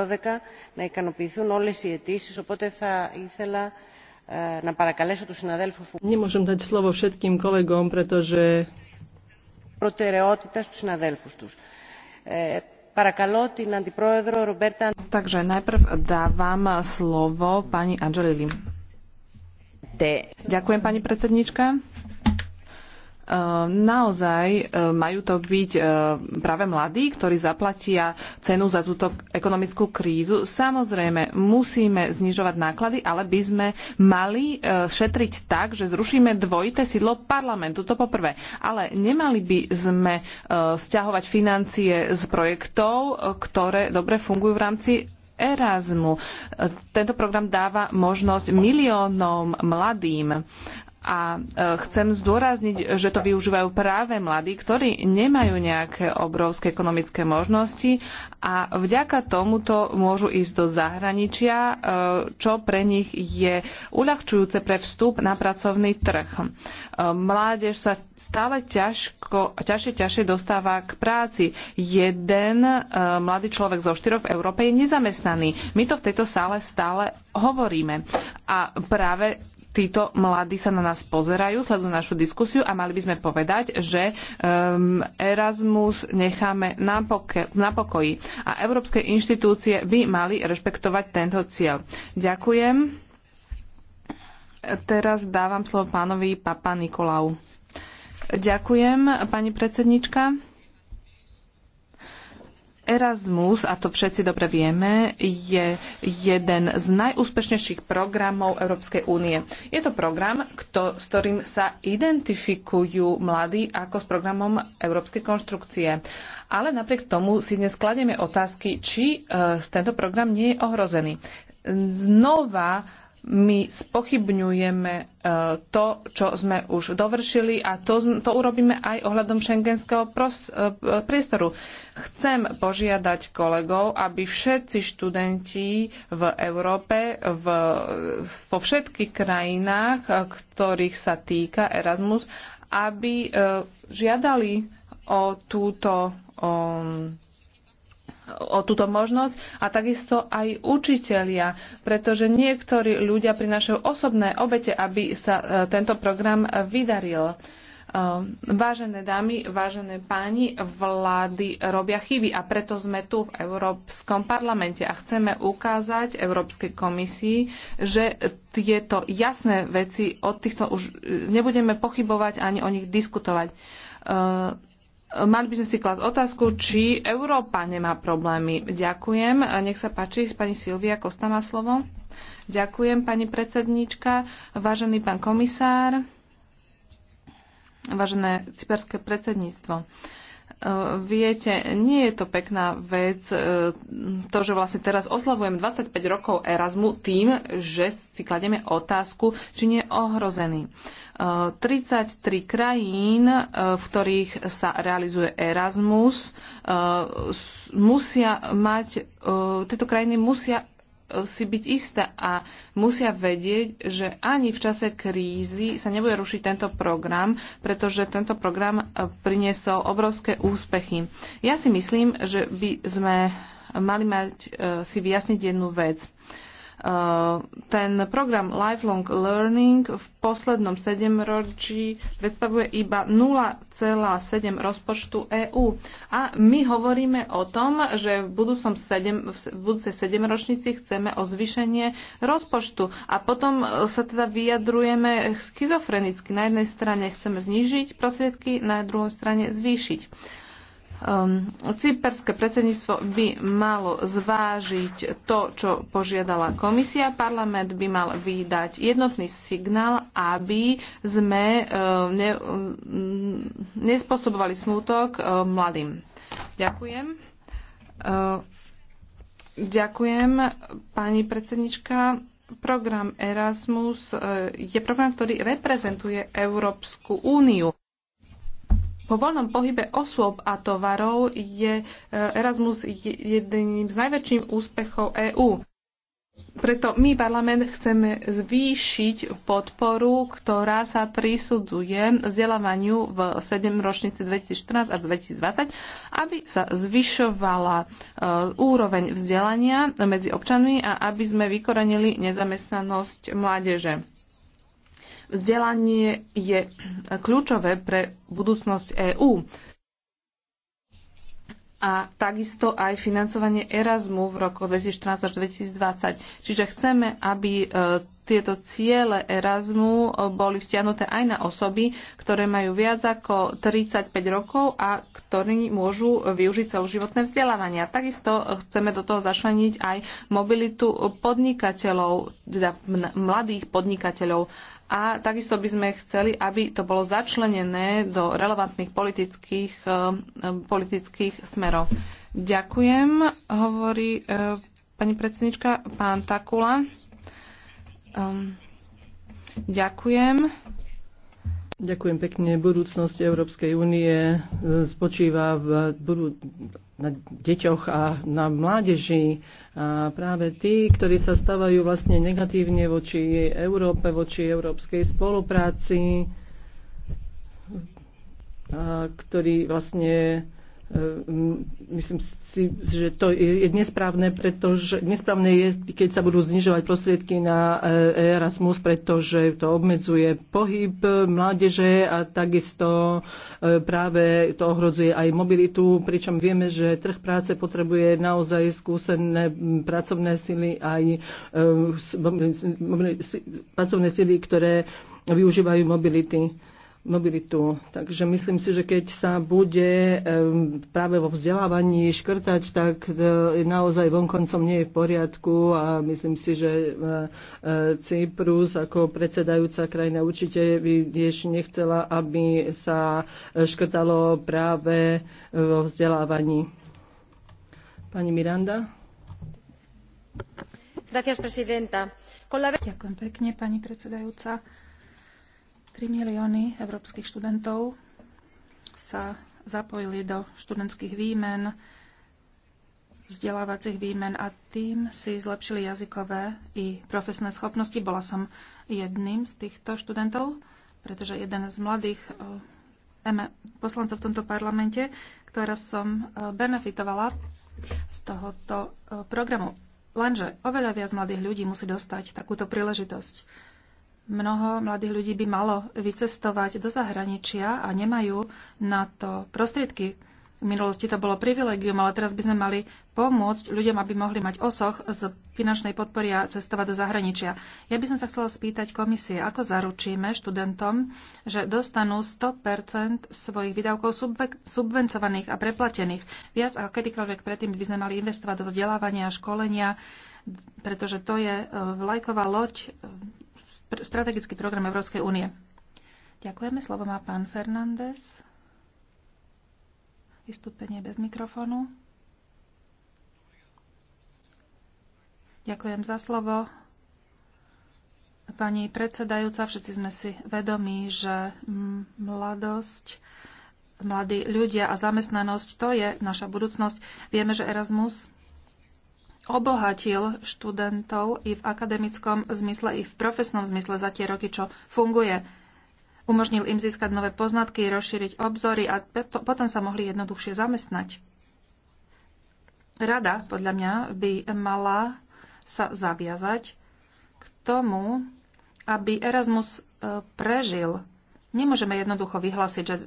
να ικανοποιηθούν όλες οι αιτήσει, οπότε θα ήθελα Eh, Nemôžem dať slovo všetkým kolegom, pretože... Eh, Takže najprv dávam slovo pani Angelili. Ďakujem, pani predsednička. Ehm, naozaj ehm, majú to byť ehm, práve mladí, ktorí zaplatia cenu za túto ekonomickú krízu. Samozrejme, musíme znižovať náklady, ale by sme mali šetriť tak, že zrušíme dvojité sídlo parlamentu, to poprvé. Ale nemali by sme stiahovať financie z projektov, ktoré dobre fungujú v rámci Erasmu. Tento program dáva možnosť miliónom mladým a e, chcem zdôrazniť, že to využívajú práve mladí, ktorí nemajú nejaké obrovské ekonomické možnosti a vďaka tomuto môžu ísť do zahraničia, e, čo pre nich je uľahčujúce pre vstup na pracovný trh. E, mládež sa stále ťažko, ťažšie, ťažšie dostáva k práci. Jeden mladý človek zo štyroch v Európe je nezamestnaný. My to v tejto sále stále hovoríme. A práve títo mladí sa na nás pozerajú, sledujú našu diskusiu a mali by sme povedať, že um, Erasmus necháme na, poke- na pokoji a európske inštitúcie by mali rešpektovať tento cieľ. Ďakujem. Teraz dávam slovo pánovi Papa Nikolau. Ďakujem, pani predsednička. Erasmus, a to všetci dobre vieme, je jeden z najúspešnejších programov Európskej únie. Je to program, kto, s ktorým sa identifikujú mladí ako s programom Európskej konštrukcie. Ale napriek tomu si dnes kladieme otázky, či e, tento program nie je ohrozený. Znova my spochybňujeme e, to, čo sme už dovršili a to, to urobíme aj ohľadom šengenského pros, e, priestoru. Chcem požiadať kolegov, aby všetci študenti v Európe, v, vo všetkých krajinách, e, ktorých sa týka Erasmus, aby žiadali o túto o, o túto možnosť a takisto aj učitelia, pretože niektorí ľudia prinášajú osobné obete, aby sa e, tento program vydaril. E, vážené dámy, vážené páni, vlády robia chyby a preto sme tu v Európskom parlamente a chceme ukázať Európskej komisii, že tieto jasné veci od týchto už e, nebudeme pochybovať ani o nich diskutovať Mali by sme si klásť otázku, či Európa nemá problémy. Ďakujem. Nech sa páči, pani Silvia Kosta má slovo. Ďakujem, pani predsedníčka. Vážený pán komisár, vážené cyperské predsedníctvo. E, viete, nie je to pekná vec, e, to, že vlastne teraz oslavujem 25 rokov Erasmu tým, že si kladieme otázku, či nie je ohrozený. 33 krajín, e, v ktorých sa realizuje Erasmus, e, musia mať, e, tieto krajiny musia si byť isté a musia vedieť, že ani v čase krízy sa nebude rušiť tento program, pretože tento program priniesol obrovské úspechy. Ja si myslím, že by sme mali mať si vyjasniť jednu vec. Eh, ten program Lifelong Learning v poslednom sedemročí predstavuje iba 0,7 rozpočtu EÚ. A my hovoríme o tom, že v, budúcom sedem, v budúcej sedemročníci chceme o zvýšenie rozpočtu. A potom eh, sa teda vyjadrujeme schizofrenicky. Na jednej strane chceme znížiť prostriedky, na druhej strane zvýšiť. Um, Cyperské predsedníctvo by malo zvážiť to, čo požiadala komisia. Parlament by mal vydať jednotný signál, aby sme um, ne, um, nespôsobovali smútok um, mladým. Ďakujem. Uh, ďakujem, pani predsednička. Program Erasmus uh, je program, ktorý reprezentuje Európsku úniu. Po voľnom pohybe osôb a tovarov je e, Erasmus jedným z najväčších úspechov EÚ. Preto my, parlament, chceme zvýšiť podporu, ktorá sa prisudzuje vzdelávaniu v 7 ročnici 2014 až 2020, aby sa zvyšovala e, úroveň vzdelania medzi občanmi a aby sme vykorenili nezamestnanosť mládeže. Vzdelanie je kľúčové pre budúcnosť EÚ a takisto aj financovanie Erasmu v roku 2014-2020. Čiže chceme, aby e, tieto ciele Erasmu boli vzťahnuté aj na osoby, ktoré majú viac ako 35 rokov a ktorí môžu využiť celoživotné vzdelávanie. Takisto chceme do toho začleniť aj mobilitu podnikateľov, teda mladých podnikateľov. A takisto by sme chceli, aby to bolo začlenené do relevantných politických, e, politických smerov. Ďakujem, hovorí e, pani predsednička, pán Takula. Um, ďakujem. Ďakujem pekne. Budúcnosť Európskej únie e, spočíva v, budú, na deťoch a na mládeži. A práve tí, ktorí sa stavajú vlastne negatívne voči Európe, voči európskej spolupráci, a ktorí vlastne Ehm, myslím si, že to je nesprávne, pretože nesprávne je, keď sa budú znižovať prostriedky na e, Erasmus, pretože to obmedzuje pohyb mládeže a takisto e, práve to ohrozuje aj mobilitu, pričom vieme, že trh práce potrebuje naozaj skúsené pracovné sily aj e, pracovné sily, ktoré využívajú mobility mobilitu. Takže myslím si, že keď sa bude práve vo vzdelávaní škrtať, tak e, naozaj vonkoncom nie je v poriadku a myslím si, že e, e, Cyprus ako predsedajúca krajina určite by tiež nechcela, aby sa škrtalo práve vo vzdelávaní. Pani Miranda. Gracias, presidenta. Ďakujem pekne, pani predsedajúca. 3 milióny európskych študentov sa zapojili do študentských výmen, vzdelávacích výmen a tým si zlepšili jazykové i profesné schopnosti. Bola som jedným z týchto študentov, pretože jeden z mladých eh, poslancov v tomto parlamente, ktorá som eh, benefitovala z tohoto eh, programu. Lenže oveľa viac mladých ľudí musí dostať takúto príležitosť. Mnoho mladých ľudí by malo vycestovať do zahraničia a nemajú na to prostriedky. V minulosti to bolo privilegium, ale teraz by sme mali pomôcť ľuďom, aby mohli mať osoch z finančnej podpory a cestovať do zahraničia. Ja by som sa chcela spýtať komisie, ako zaručíme študentom, že dostanú 100% svojich výdavkov subvencovaných a preplatených. Viac ako kedykoľvek predtým by sme mali investovať do vzdelávania a školenia, pretože to je e, vlajková loď e, strategický program Európskej únie. Ďakujeme. Slovo má pán Fernández. Vystúpenie bez mikrofónu. Ďakujem za slovo. Pani predsedajúca, všetci sme si vedomí, že mladosť, mladí ľudia a zamestnanosť to je naša budúcnosť. Vieme, že Erasmus obohatil študentov i v akademickom zmysle, i v profesnom zmysle za tie roky, čo funguje. Umožnil im získať nové poznatky, rozšíriť obzory a potom sa mohli jednoduchšie zamestnať. Rada, podľa mňa, by mala sa zaviazať k tomu, aby Erasmus e, prežil. Nemôžeme jednoducho vyhlásiť, že e,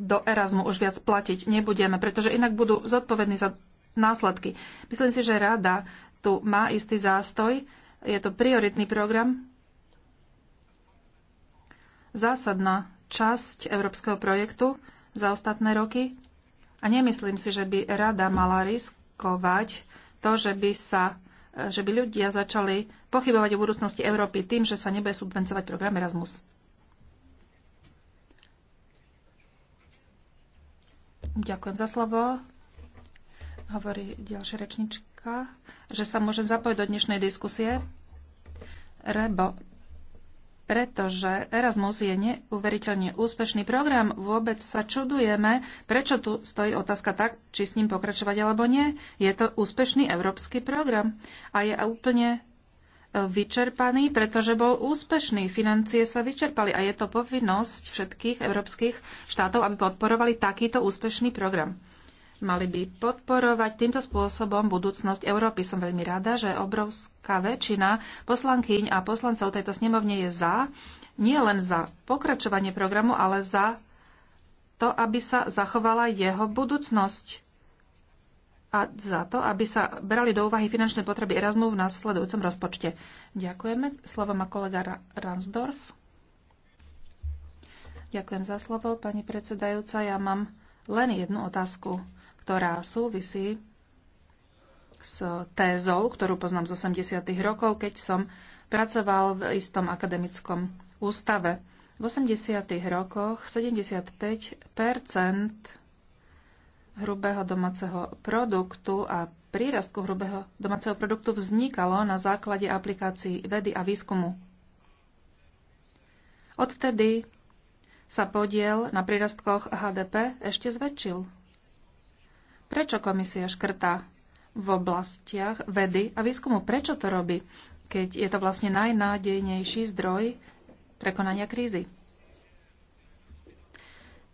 do Erasmu už viac platiť nebudeme, pretože inak budú zodpovední za následky. Myslím si, že rada tu má istý zástoj. Je to prioritný program. Zásadná časť európskeho projektu za ostatné roky. A nemyslím si, že by rada mala riskovať to, že by, sa, že by ľudia začali pochybovať o budúcnosti Európy tým, že sa nebude subvencovať program Erasmus. Ďakujem za slovo hovorí ďalšia rečnička, že sa môžem zapojiť do dnešnej diskusie, lebo pretože Erasmus je neuveriteľne úspešný program. Vôbec sa čudujeme, prečo tu stojí otázka tak, či s ním pokračovať alebo nie. Je to úspešný európsky program a je úplne e, vyčerpaný, pretože bol úspešný. Financie sa vyčerpali a je to povinnosť všetkých európskych štátov, aby podporovali takýto úspešný program mali by podporovať týmto spôsobom budúcnosť Európy. Som veľmi rada, že obrovská väčšina poslankyň a poslancov tejto snemovne je za, nie len za pokračovanie programu, ale za to, aby sa zachovala jeho budúcnosť a za to, aby sa brali do úvahy finančné potreby Erasmu v následujúcom rozpočte. Ďakujeme. Slovo má kolega Ransdorf. Ďakujem za slovo, pani predsedajúca. Ja mám len jednu otázku ktorá súvisí s tézou, ktorú poznám z 80. rokov, keď som pracoval v istom akademickom ústave. V 80. rokoch 75 hrubého domáceho produktu a prírastku hrubého domáceho produktu vznikalo na základe aplikácií vedy a výskumu. Odvtedy sa podiel na prírastkoch HDP ešte zväčšil. Prečo komisia škrta v oblastiach vedy a výskumu? Prečo to robí, keď je to vlastne najnádejnejší zdroj prekonania krízy?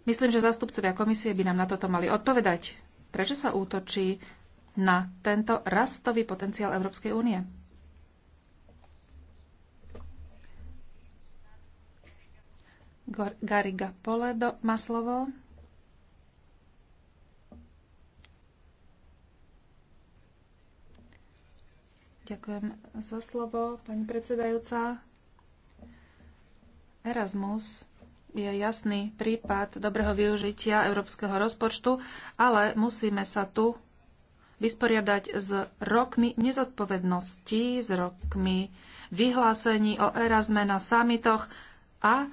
Myslím, že zástupcovia komisie by nám na toto mali odpovedať. Prečo sa útočí na tento rastový potenciál Európskej únie? Gariga Poledo má slovo. Ďakujem za slovo, pani predsedajúca. Erasmus je jasný prípad dobrého využitia európskeho rozpočtu, ale musíme sa tu vysporiadať s rokmi nezodpovednosti, s rokmi vyhlásení o Erasme na samitoch a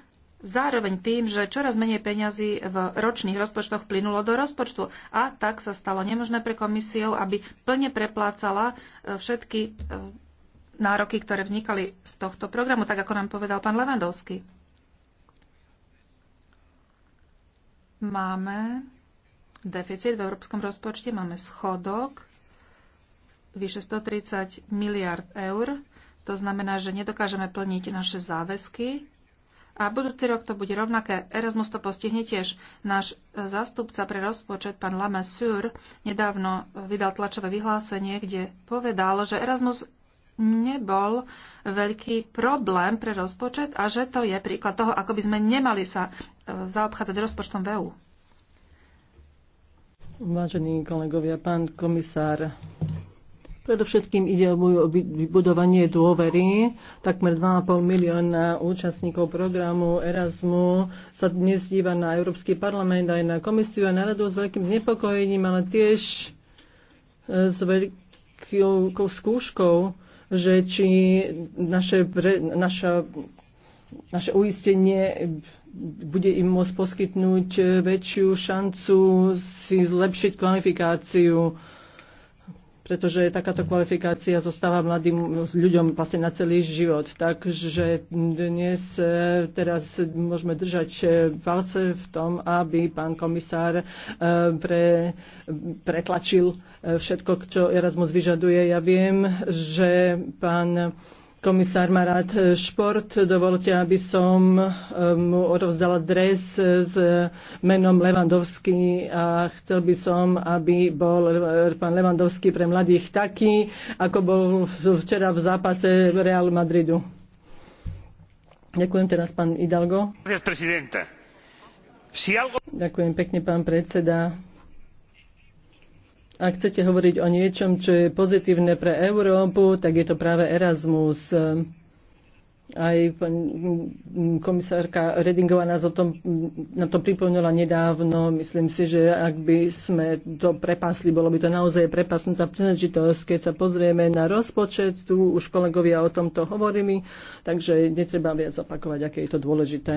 zároveň tým, že čoraz menej peňazí v ročných rozpočtoch plynulo do rozpočtu a tak sa stalo nemožné pre komisiou, aby plne preplácala e, všetky e, nároky, ktoré vznikali z tohto programu, tak ako nám povedal pán Levandovský. Máme deficit v európskom rozpočte, máme schodok vyše 130 miliard eur. To znamená, že nedokážeme plniť naše záväzky a budúci rok to bude rovnaké. Erasmus to postihne tiež. Náš e, zástupca pre rozpočet, pán Lamassur, nedávno vydal tlačové vyhlásenie, kde povedal, že Erasmus nebol veľký problém pre rozpočet a že to je príklad toho, ako by sme nemali sa e, zaobchádzať s rozpočtom veu. Vážení kolegovia, pán komisár, Predovšetkým ide o vybudovanie dôvery. Takmer 2,5 milióna účastníkov programu Erasmu sa dnes díva na Európsky parlament aj na komisiu a na radu s veľkým znepokojením, ale tiež e, s veľkou skúškou, že či naše, naša, naše uistenie bude im môcť poskytnúť e, väčšiu šancu si zlepšiť kvalifikáciu pretože takáto kvalifikácia zostáva mladým ľuďom vlastne na celý život. Takže dnes e, teraz môžeme držať e, palce v tom, aby pán komisár e, pre, pretlačil všetko, čo Erasmus vyžaduje. Ja viem, že pán Komisár má rád e, šport. Dovolte, aby som e, mu odovzdala dres e, s menom Levandovský a chcel by som, aby bol pán Levandovský pre mladých taký, ako bol včera v zápase Real Madridu. Ďakujem teraz pán Hidalgo. Ďakujem pekne, pán predseda ak chcete hovoriť o niečom, čo je pozitívne pre Európu, tak je to práve Erasmus. Aj komisárka Redingová nás o tom, na to pripomínala nedávno. Myslím si, že ak by sme to prepasli, bolo by to naozaj prepasnutá príležitosť. Keď sa pozrieme na rozpočet, tu už kolegovia o tomto hovorili, takže netreba viac opakovať, aké je to dôležité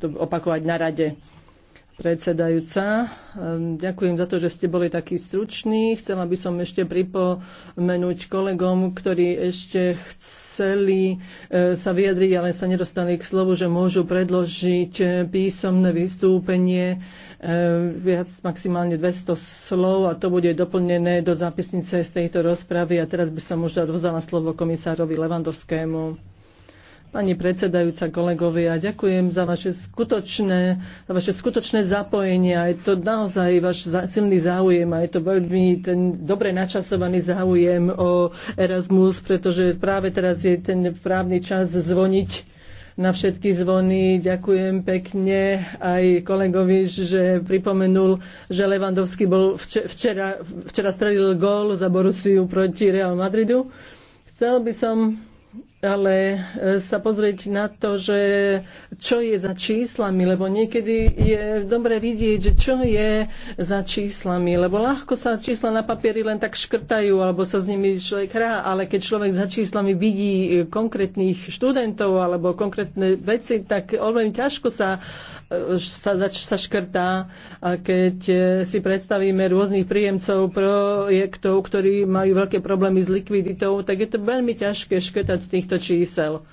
to opakovať na rade predsedajúca. Ehm, ďakujem za to, že ste boli takí struční. Chcela by som ešte pripomenúť kolegom, ktorí ešte chceli eh, sa vyjadriť, ale sa nedostali k slovu, že môžu predložiť eh, písomné vystúpenie ehm, viac maximálne 200 slov a to bude doplnené do zápisnice z tejto rozpravy. A teraz by som už dala slovo komisárovi Levandovskému. Pani predsedajúca, kolegovia, ďakujem za vaše skutočné, za vaše skutočné zapojenie. je to naozaj váš silný záujem a je to veľmi ten dobre načasovaný záujem o Erasmus, pretože práve teraz je ten právny čas zvoniť na všetky zvony. Ďakujem pekne aj kolegovi, že pripomenul, že Levandovský bol včera, včera strelil gól za Borusiu proti Real Madridu. Chcel by som ale e, sa pozrieť na to, že čo je za číslami, lebo niekedy je dobre vidieť, že čo je za číslami, lebo ľahko sa čísla na papieri len tak škrtajú, alebo sa s nimi človek hrá, ale keď človek za číslami vidí konkrétnych študentov alebo konkrétne veci, tak veľmi ťažko sa sa, sa škrtá. A keď e, si predstavíme rôznych príjemcov projektov, ktorí majú veľké problémy s likviditou, tak je to veľmi ťažké škrtať z týchto čísel.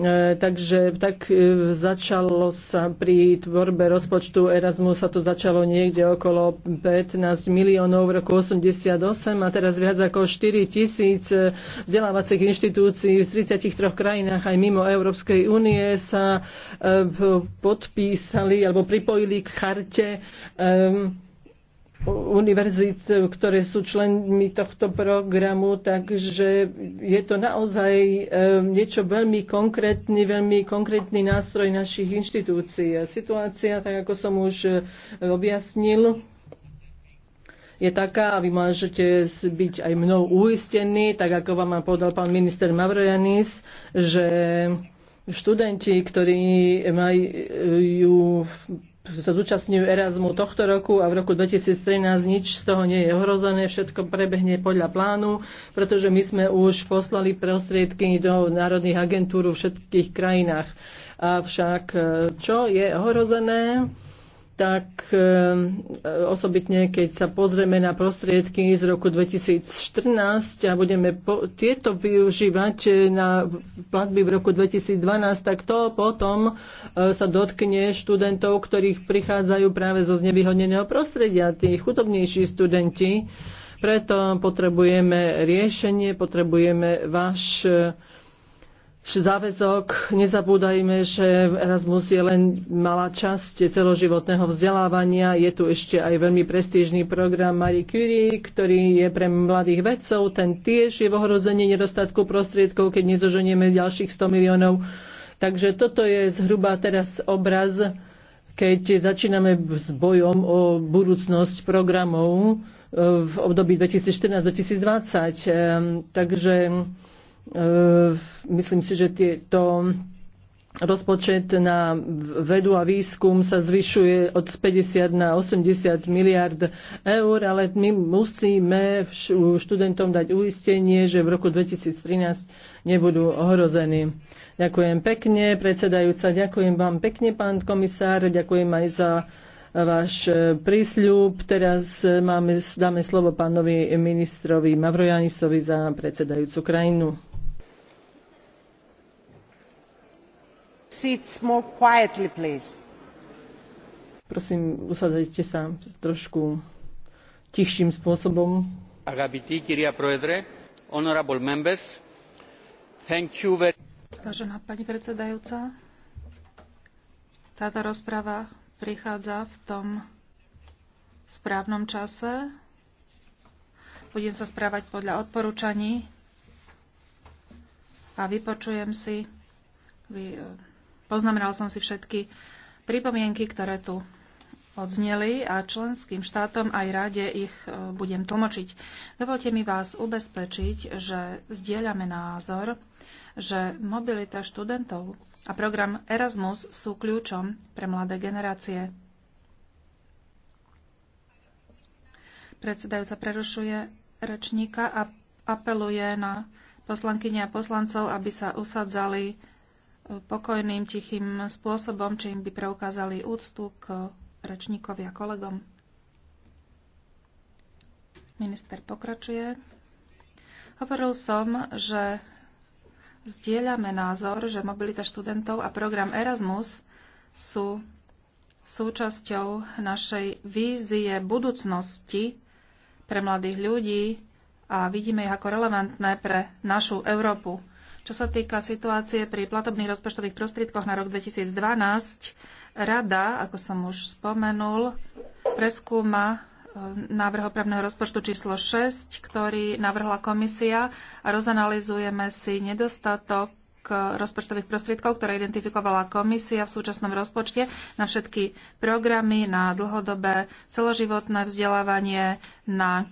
E, takže tak e, začalo sa pri tvorbe rozpočtu Erasmus sa to začalo niekde okolo 15 miliónov v roku 88 a teraz viac ako 4 tisíc e, vzdelávacích inštitúcií v 33 krajinách aj mimo Európskej únie sa podpísali alebo pripojili k charte um, univerzit, ktoré sú členmi tohto programu, takže je to naozaj eh, niečo veľmi konkrétny, veľmi konkrétny nástroj našich inštitúcií. Situácia, tak ako som už eh, objasnil, je taká a vy môžete byť aj mnou uistení, tak ako vám povedal pán minister Mavrojanis, že študenti, ktorí majú sa zúčastňujú Erasmu tohto roku a v roku 2013 nič z toho nie je ohrozené, všetko prebehne podľa plánu, pretože my sme už poslali prostriedky do národných agentúr v všetkých krajinách. Avšak čo je ohrozené? tak eh, osobitne, keď sa pozrieme na prostriedky z roku 2014 a budeme po, tieto využívať eh, na platby v roku 2012, tak to potom eh, sa dotkne študentov, ktorých prichádzajú práve zo znevýhodneného prostredia, tí chudobnejší studenti. Preto potrebujeme riešenie, potrebujeme váš záväzok. Nezabúdajme, že Erasmus je len malá časť celoživotného vzdelávania. Je tu ešte aj veľmi prestížny program Marie Curie, ktorý je pre mladých vedcov. Ten tiež je v ohrození nedostatku prostriedkov, keď nezoženieme ďalších 100 miliónov. Takže toto je zhruba teraz obraz, keď začíname s bojom o budúcnosť programov e, v období 2014-2020. Ehm, takže Ehm, myslím si, že tieto rozpočet na vedu a výskum sa zvyšuje od 50 na 80 miliard eur, ale my musíme študentom dať uistenie, že v roku 2013 nebudú ohrození. Ďakujem pekne, predsedajúca, ďakujem vám pekne, pán komisár, ďakujem aj za váš e, prísľub. Teraz e, máme, dáme slovo pánovi ministrovi Mavrojanisovi za predsedajúcu krajinu. Prosím, usadzajte sa trošku tichším spôsobom. Agapití, kyria proedre, honorable members, thank you very... Vážená pani predsedajúca, táto rozprava prichádza v tom správnom čase. Budem sa správať podľa odporúčaní a vypočujem si vy, Poznamenal som si všetky pripomienky, ktoré tu odzneli a členským štátom aj rade ich e, budem tlmočiť. Dovolte mi vás ubezpečiť, že zdieľame názor, že mobilita študentov a program Erasmus sú kľúčom pre mladé generácie. Predsedajúca prerušuje rečníka a apeluje na poslankyne a poslancov, aby sa usadzali pokojným, tichým spôsobom, čím by preukázali úctu k rečníkovi a kolegom. Minister pokračuje. Hovoril som, že zdieľame názor, že mobilita študentov a program Erasmus sú súčasťou našej vízie budúcnosti pre mladých ľudí a vidíme ich ako relevantné pre našu Európu. Čo sa týka situácie pri platobných rozpočtových prostriedkoch na rok 2012, Rada, ako som už spomenul, preskúma e, návrh opravného rozpočtu číslo 6, ktorý navrhla komisia a rozanalizujeme si nedostatok e, rozpočtových prostriedkov, ktoré identifikovala komisia v súčasnom rozpočte na všetky programy, na dlhodobé celoživotné vzdelávanie, na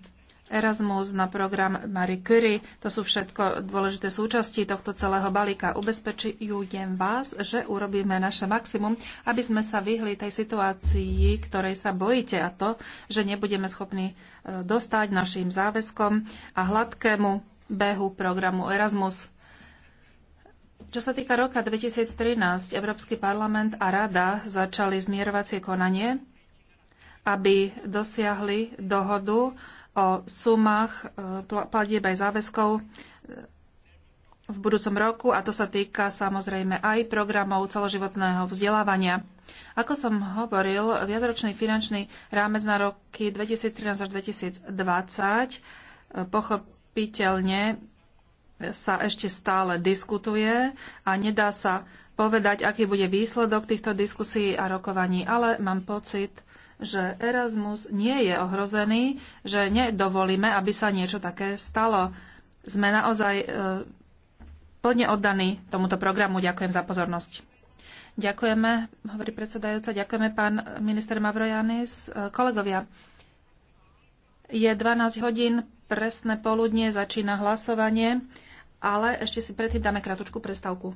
Erasmus, na program Marie Curie. To sú všetko dôležité súčasti tohto celého balíka. Ubezpečujem vás, že urobíme naše maximum, aby sme sa vyhli tej situácii, ktorej sa bojíte a to, že nebudeme schopní e, dostať našim záväzkom a hladkému behu programu Erasmus. Čo sa týka roka 2013, Európsky parlament a Rada začali zmierovacie konanie, aby dosiahli dohodu o sumách e, platieb aj záväzkov e, v budúcom roku a to sa týka samozrejme aj programov celoživotného vzdelávania. Ako som hovoril, viacročný finančný rámec na roky 2013 až 2020 e, pochopiteľne sa ešte stále diskutuje a nedá sa povedať, aký bude výsledok týchto diskusí a rokovaní, ale mám pocit, že Erasmus nie je ohrozený, že nedovolíme, aby sa niečo také stalo. Sme naozaj e, plne oddaní tomuto programu. Ďakujem za pozornosť. Ďakujeme, hovorí predsedajúca, ďakujeme pán minister Mavrojanis. E, kolegovia, je 12 hodín, presné poludnie, začína hlasovanie, ale ešte si predtým dáme kratučku prestavku.